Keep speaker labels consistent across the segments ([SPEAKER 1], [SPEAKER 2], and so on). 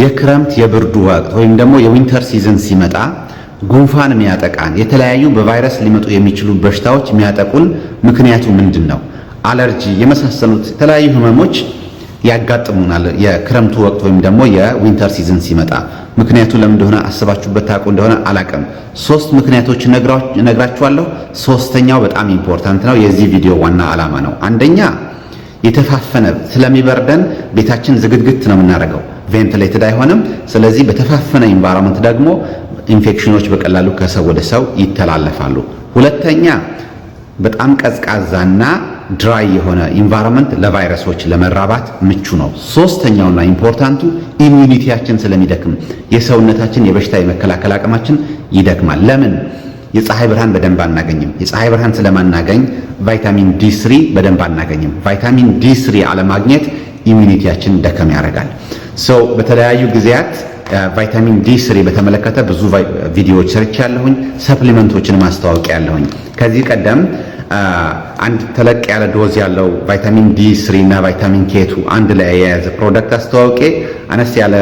[SPEAKER 1] የክረምት የብርዱ ወቅት ወይም ደግሞ የዊንተር ሲዝን ሲመጣ ጉንፋን የሚያጠቃን የተለያዩ በቫይረስ ሊመጡ የሚችሉ በሽታዎች የሚያጠቁን ምክንያቱ ምንድን ነው? አለርጂ የመሳሰሉት የተለያዩ ህመሞች ያጋጥሙናል። የክረምቱ ወቅት ወይም ደግሞ የዊንተር ሲዝን ሲመጣ ምክንያቱ ለምን እንደሆነ አስባችሁበት ታውቁ እንደሆነ አላቅም። ሶስት ምክንያቶች ነግራችኋለሁ። ሶስተኛው በጣም ኢምፖርታንት ነው፣ የዚህ ቪዲዮ ዋና ዓላማ ነው። አንደኛ የተፋፈነ ስለሚበርደን ቤታችን ዝግድግት ነው የምናደርገው ቬንትሌትድ አይሆንም። ስለዚህ በተፋፈነ ኢንቫይሮንመንት ደግሞ ኢንፌክሽኖች በቀላሉ ከሰው ወደ ሰው ይተላለፋሉ። ሁለተኛ በጣም ቀዝቃዛና ድራይ የሆነ ኢንቫይሮንመንት ለቫይረሶች ለመራባት ምቹ ነው። ሶስተኛውና ኢምፖርታንቱ ኢሚዩኒቲያችን ስለሚደክም የሰውነታችን የበሽታ የመከላከል አቅማችን ይደክማል። ለምን? የፀሐይ ብርሃን በደንብ አናገኝም። የፀሐይ ብርሃን ስለማናገኝ ቫይታሚን ዲ3 በደንብ አናገኝም። ቫይታሚን ዲ3 አለማግኘት ኢሚኒቲያችን ደከም ያደርጋል። ሰው በተለያዩ ጊዜያት ቫይታሚን ዲ ስሪ በተመለከተ ብዙ ቪዲዮዎች ሰርች ያለሁኝ ሰፕሊመንቶችን ማስተዋወቅ ያለሁኝ ከዚህ ቀደም አንድ ተለቅ ያለ ዶዝ ያለው ቫይታሚን ዲ ስሪ እና ቫይታሚን ኬቱ አንድ ላይ የያዘ ፕሮደክት አስተዋውቄ አነስ ያለ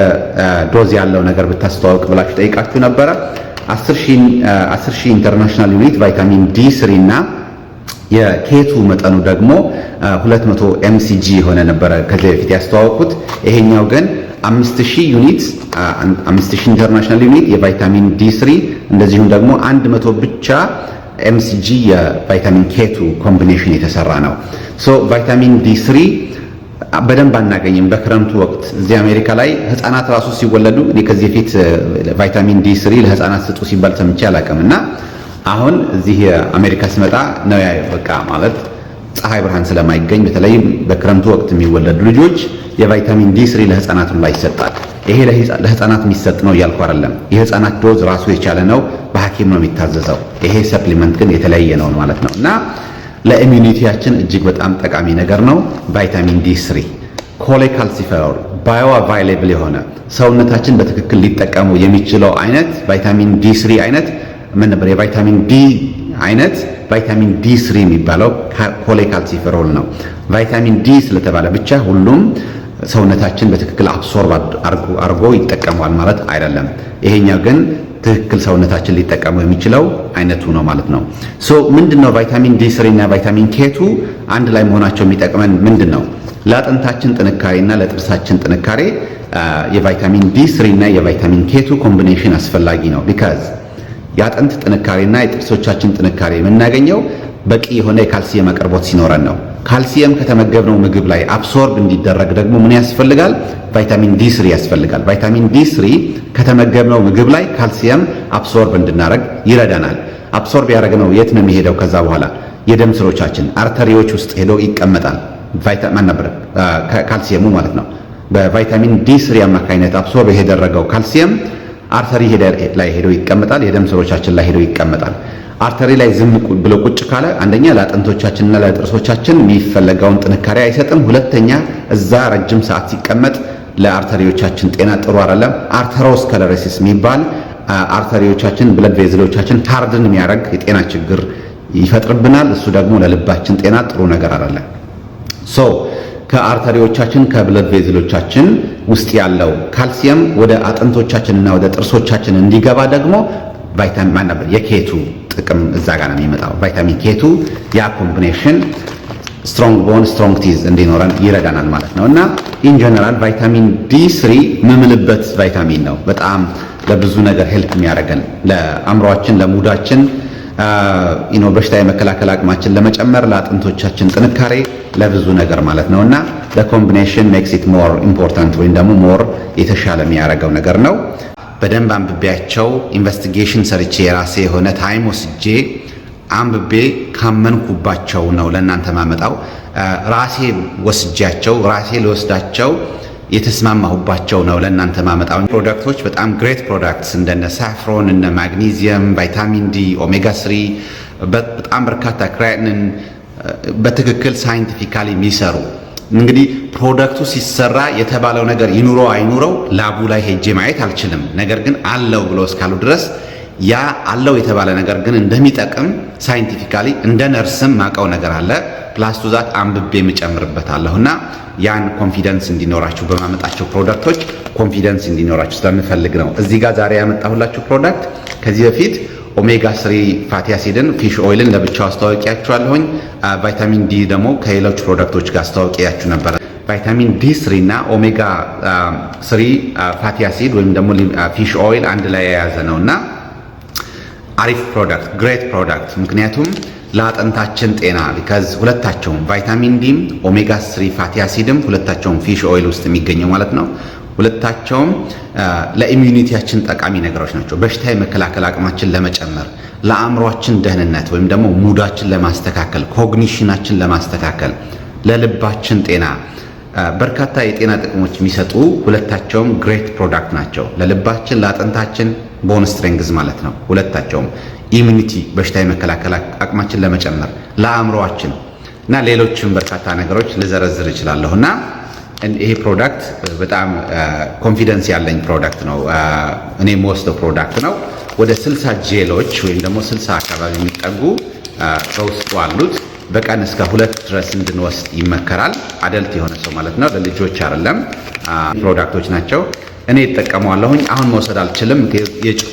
[SPEAKER 1] ዶዝ ያለው ነገር ብታስተዋውቅ ብላችሁ ጠይቃችሁ ነበረ። አስር ሺህ ኢንተርናሽናል ዩኒት ቫይታሚን ዲ ስሪ እና የኬቱ መጠኑ ደግሞ 200 ኤምሲጂ የሆነ ነበረ ከዚህ በፊት ያስተዋወቁት። ይሄኛው ግን 5000 ዩኒት 5000 ኢንተርናሽናል ዩኒት የቫይታሚን ዲ3 እንደዚሁም ደግሞ 100 ብቻ ኤምሲጂ የቫይታሚን ኬቱ ኮምቢኔሽን የተሰራ ነው። ሶ ቫይታሚን ዲ3 በደንብ አናገኝም በክረምቱ ወቅት እዚህ አሜሪካ ላይ ህፃናት ራሱ ሲወለዱ እኔ ከዚህ በፊት ቫይታሚን ዲ ስሪ ለህፃናት ስጡ ሲባል ሰምቼ አላውቅም እና አሁን እዚህ አሜሪካ ስመጣ ነው በቃ ማለት ፀሐይ ብርሃን ስለማይገኝ በተለይ በክረምቱ ወቅት የሚወለዱ ልጆች የቫይታሚን ዲ 3 ለህፃናት ሁላ ይሰጣል። ይሄ ለህፃናት የሚሰጥ ነው እያልኩ አይደለም። የህፃናት ዶዝ ራሱ የቻለ ነው፣ በሐኪም ነው የሚታዘዘው። ይሄ ሰፕሊመንት ግን የተለያየ ነው ማለት ነው እና ለኢሚኒቲያችን እጅግ በጣም ጠቃሚ ነገር ነው ቫይታሚን ዲ 3 ኮሌካልሲፈሮል ባዮ አቫይሌብል የሆነ ሰውነታችን በትክክል ሊጠቀሙ የሚችለው አይነት ቫይታሚን ዲ 3 አይነት ምን ነበር? የቫይታሚን ዲ አይነት ቫይታሚን ዲ 3 የሚባለው ኮሌካልሲፈሮል ነው። ቫይታሚን ዲ ስለተባለ ብቻ ሁሉም ሰውነታችን በትክክል አብሶርብ አድርጎ ይጠቀመዋል ማለት አይደለም። ይሄኛው ግን ትክክል ሰውነታችን ሊጠቀመው የሚችለው አይነቱ ነው ማለት ነው። ሶ ምንድነው ቫይታሚን ዲ 3 እና ቫይታሚን ኬቱ አንድ ላይ መሆናቸው የሚጠቅመን ምንድን ነው? ለአጥንታችን ጥንካሬ እና ለጥርሳችን ጥንካሬ የቫይታሚን ዲ 3 እና የቫይታሚን ኬቱ ኮምቢኔሽን አስፈላጊ ነው ቢካዝ የአጥንት ጥንካሬና የጥርሶቻችን ጥንካሬ የምናገኘው በቂ የሆነ የካልሲየም አቅርቦት ሲኖረን ነው። ካልሲየም ከተመገብነው ምግብ ላይ አብሶርብ እንዲደረግ ደግሞ ምን ያስፈልጋል? ቫይታሚን ዲ 3 ያስፈልጋል። ቫይታሚን ዲ ስሪ ከተመገብነው ምግብ ላይ ካልሲየም አብሶርብ እንድናረግ ይረዳናል። አብሶርብ ያደረግነው የት ነው የሚሄደው? ከዛ በኋላ የደም ስሮቻችን አርተሪዎች ውስጥ ሄዶ ይቀመጣል። ቫይታማን ነበር ካልሲየሙ ማለት ነው። በቫይታሚን ዲ 3 አማካኝነት አብሶርብ የተደረገው ካልሲየም አርተሪ ላይ ሄዶ ይቀመጣል። የደም ስሮቻችን ላይ ሄዶ ይቀመጣል። አርተሪ ላይ ዝም ብሎ ቁጭ ካለ አንደኛ ለአጥንቶቻችንና ለጥርሶቻችን የሚፈለገውን ጥንካሬ አይሰጥም። ሁለተኛ እዛ ረጅም ሰዓት ሲቀመጥ ለአርተሪዎቻችን ጤና ጥሩ አይደለም። አርተሮስከለሮሲስ የሚባል አርተሪዎቻችን ብለድ ቬዝሎቻችን ሃርድን የሚያደርግ የጤና ችግር ይፈጥርብናል። እሱ ደግሞ ለልባችን ጤና ጥሩ ነገር አይደለም። ከአርተሪዎቻችን ከብለድ ቬዝሎቻችን ውስጥ ያለው ካልሲየም ወደ አጥንቶቻችንና ወደ ጥርሶቻችን እንዲገባ ደግሞ ቫይታሚን ማን ነበር የኬቱ ጥቅም እዛ ጋር ነው የሚመጣው። ቫይታሚን ኬቱ ያ ኮምቢኔሽን ስትሮንግ ቦን ስትሮንግ ቲዝ እንዲኖረን ይረዳናል ማለት ነው። እና ኢን ጀነራል ቫይታሚን ዲ ስሪ ምምልበት ቫይታሚን ነው። በጣም ለብዙ ነገር ሄልፕ የሚያደርገን ለአእምሯችን፣ ለሙዳችን በሽታ የመከላከል አቅማችን ለመጨመር ለአጥንቶቻችን ጥንካሬ ለብዙ ነገር ማለት ነው እና በኮምቢኔሽን ሜክስ ኢት ሞር ኢምፖርታንት ወይም ደግሞ ሞር የተሻለ የሚያደርገው ነገር ነው። በደንብ አንብቤያቸው ኢንቨስቲጌሽን ሰርቼ የራሴ የሆነ ታይም ወስጄ አንብቤ ካመንኩባቸው ነው ለእናንተ ማመጣው ራሴ ወስጃቸው ራሴ ልወስዳቸው የተስማማሁባቸው ነው ለእናንተ ማመጣው ፕሮዳክቶች በጣም ግሬት ፕሮዳክትስ እንደነ ሳፍሮን እነ ማግኒዚየም፣ ቫይታሚን ዲ፣ ኦሜጋ ስሪ በጣም በርካታ ክራያንን በትክክል ሳይንቲፊካሊ የሚሰሩ እንግዲህ ፕሮዳክቱ ሲሰራ የተባለው ነገር ይኑረው አይኑረው ላቡ ላይ ሄጄ ማየት አልችልም። ነገር ግን አለው ብሎ እስካሉ ድረስ ያ አለው የተባለ ነገር ግን እንደሚጠቅም ሳይንቲፊካሊ እንደ ነርስም ማቀው ነገር አለ ፕላስ ቱ ዛት አንብቤ የምጨምርበታለሁ እና ያን ኮንፊደንስ እንዲኖራችሁ በማመጣቸው ፕሮዳክቶች ኮንፊደንስ እንዲኖራችሁ ስለምፈልግ ነው። እዚህ ጋር ዛሬ ያመጣሁላችሁ ፕሮዳክት ከዚህ በፊት ኦሜጋ ስሪ ፋቲ አሲድን ፊሽ ኦይልን ለብቻው አስተዋወቂያችኋለሁኝ። ቫይታሚን ዲ ደግሞ ከሌሎች ፕሮዳክቶች ጋር አስተዋወቂያችሁ ነበረ። ቫይታሚን ዲ ስሪ እና ኦሜጋ ስሪ ፋቲ አሲድ ወይም ደግሞ ፊሽ ኦይል አንድ ላይ የያዘ ነው እና አሪፍ ፕሮዳክት ግሬት ፕሮዳክት። ምክንያቱም ለአጥንታችን ጤና ቢካዝ ሁለታቸውም ቫይታሚን ዲም ኦሜጋ ስሪ ፋቲ አሲድም ሁለታቸውም ፊሽ ኦይል ውስጥ የሚገኘው ማለት ነው። ሁለታቸውም ለኢሚዩኒቲያችን ጠቃሚ ነገሮች ናቸው። በሽታ የመከላከል አቅማችን ለመጨመር፣ ለአእምሯችን ደህንነት ወይም ደግሞ ሙዳችን ለማስተካከል፣ ኮግኒሽናችን ለማስተካከል፣ ለልባችን ጤና በርካታ የጤና ጥቅሞች የሚሰጡ ሁለታቸውም ግሬት ፕሮዳክት ናቸው። ለልባችን፣ ለአጥንታችን ቦን ስትሬንግዝ ማለት ነው። ሁለታቸውም ኢሚኒቲ በሽታ የመከላከል አቅማችን ለመጨመር ለአእምሮአችን እና ሌሎችም በርካታ ነገሮች ልዘረዝር እችላለሁ እና ይሄ ፕሮዳክት በጣም ኮንፊደንስ ያለኝ ፕሮዳክት ነው። እኔ የምወስደው ፕሮዳክት ነው። ወደ ስልሳ ጄሎች ወይም ደግሞ ስልሳ አካባቢ የሚጠጉ በውስጡ አሉት። በቀን እስከ ሁለት ድረስ እንድንወስድ ይመከራል። አደልት የሆነ ሰው ማለት ነው። ለልጆች አይደለም ፕሮዳክቶች ናቸው። እኔ ይጠቀመዋለሁኝ። አሁን መውሰድ አልችልም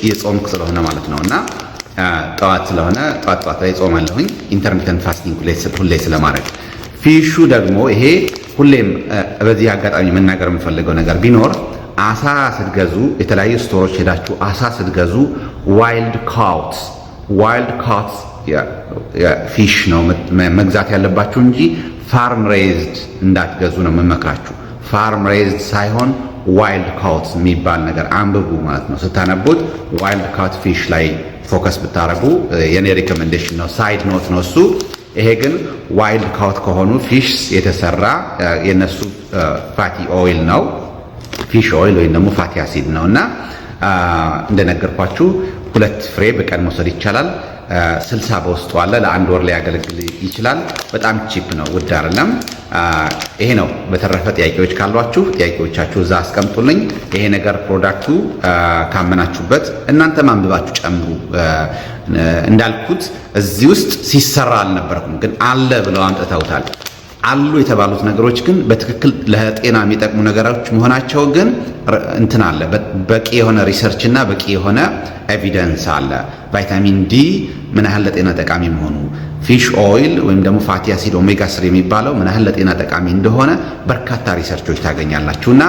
[SPEAKER 1] የጾምክ ስለሆነ ማለት ነው እና ጠዋት ስለሆነ ጠዋት ጠዋት ላይ ጾማለሁኝ ኢንተርሚተንት ፋስቲንግ ሁሌ ስለማድረግ ፊሹ ደግሞ ይሄ ሁሌም በዚህ አጋጣሚ መናገር የምፈልገው ነገር ቢኖር አሳ ስትገዙ የተለያዩ ስቶሮች ሄዳችሁ አሳ ስትገዙ ዋይልድ ካውት ዋይልድ ካውት ፊሽ ነው መግዛት ያለባችሁ እንጂ ፋርም ሬይዝድ እንዳትገዙ ነው የምመክራችሁ። ፋርም ሬይዝድ ሳይሆን ዋይልድ ካውት የሚባል ነገር አንብቡ ማለት ነው። ስታነቡት ዋይልድ ካውት ፊሽ ላይ ፎከስ ብታደረጉ የኔ ሪኮመንዴሽን ነው። ሳይድ ኖት ነው እሱ። ይሄ ግን ዋይልድ ካውት ከሆኑ ፊሽ የተሰራ የነሱ ፋቲ ኦይል ነው። ፊሽ ኦይል ወይም ደግሞ ፋቲ አሲድ ነው እና እንደነገርኳችሁ ሁለት ፍሬ በቀን መውሰድ ይቻላል። ስልሳ በውስጡ አለ። ለአንድ ወር ሊያገለግል ይችላል። በጣም ቺፕ ነው፣ ውድ አይደለም። ይሄ ነው። በተረፈ ጥያቄዎች ካሏችሁ ጥያቄዎቻችሁ እዛ አስቀምጡልኝ። ይሄ ነገር ፕሮዳክቱ ካመናችሁበት እናንተ ማንብባችሁ ጨምሩ። እንዳልኩት እዚህ ውስጥ ሲሰራ አልነበርኩም፣ ግን አለ ብለው አምጥተውታል። አሉ የተባሉት ነገሮች ግን በትክክል ለጤና የሚጠቅሙ ነገሮች መሆናቸው ግን እንትን አለ፣ በቂ የሆነ ሪሰርች እና በቂ የሆነ ኤቪደንስ አለ። ቫይታሚን ዲ ምን ያህል ለጤና ጠቃሚ መሆኑ ፊሽ ኦይል ወይም ደግሞ ፋቲ አሲድ ኦሜጋ ስሪ የሚባለው ምን ያህል ለጤና ጠቃሚ እንደሆነ በርካታ ሪሰርቾች ታገኛላችሁ። እና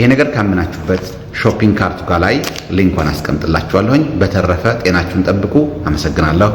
[SPEAKER 1] ይሄ ነገር ካምናችሁበት ሾፒንግ ካርቱ ጋር ላይ ሊንኮን አስቀምጥላችኋለሁኝ። በተረፈ ጤናችሁን ጠብቁ። አመሰግናለሁ።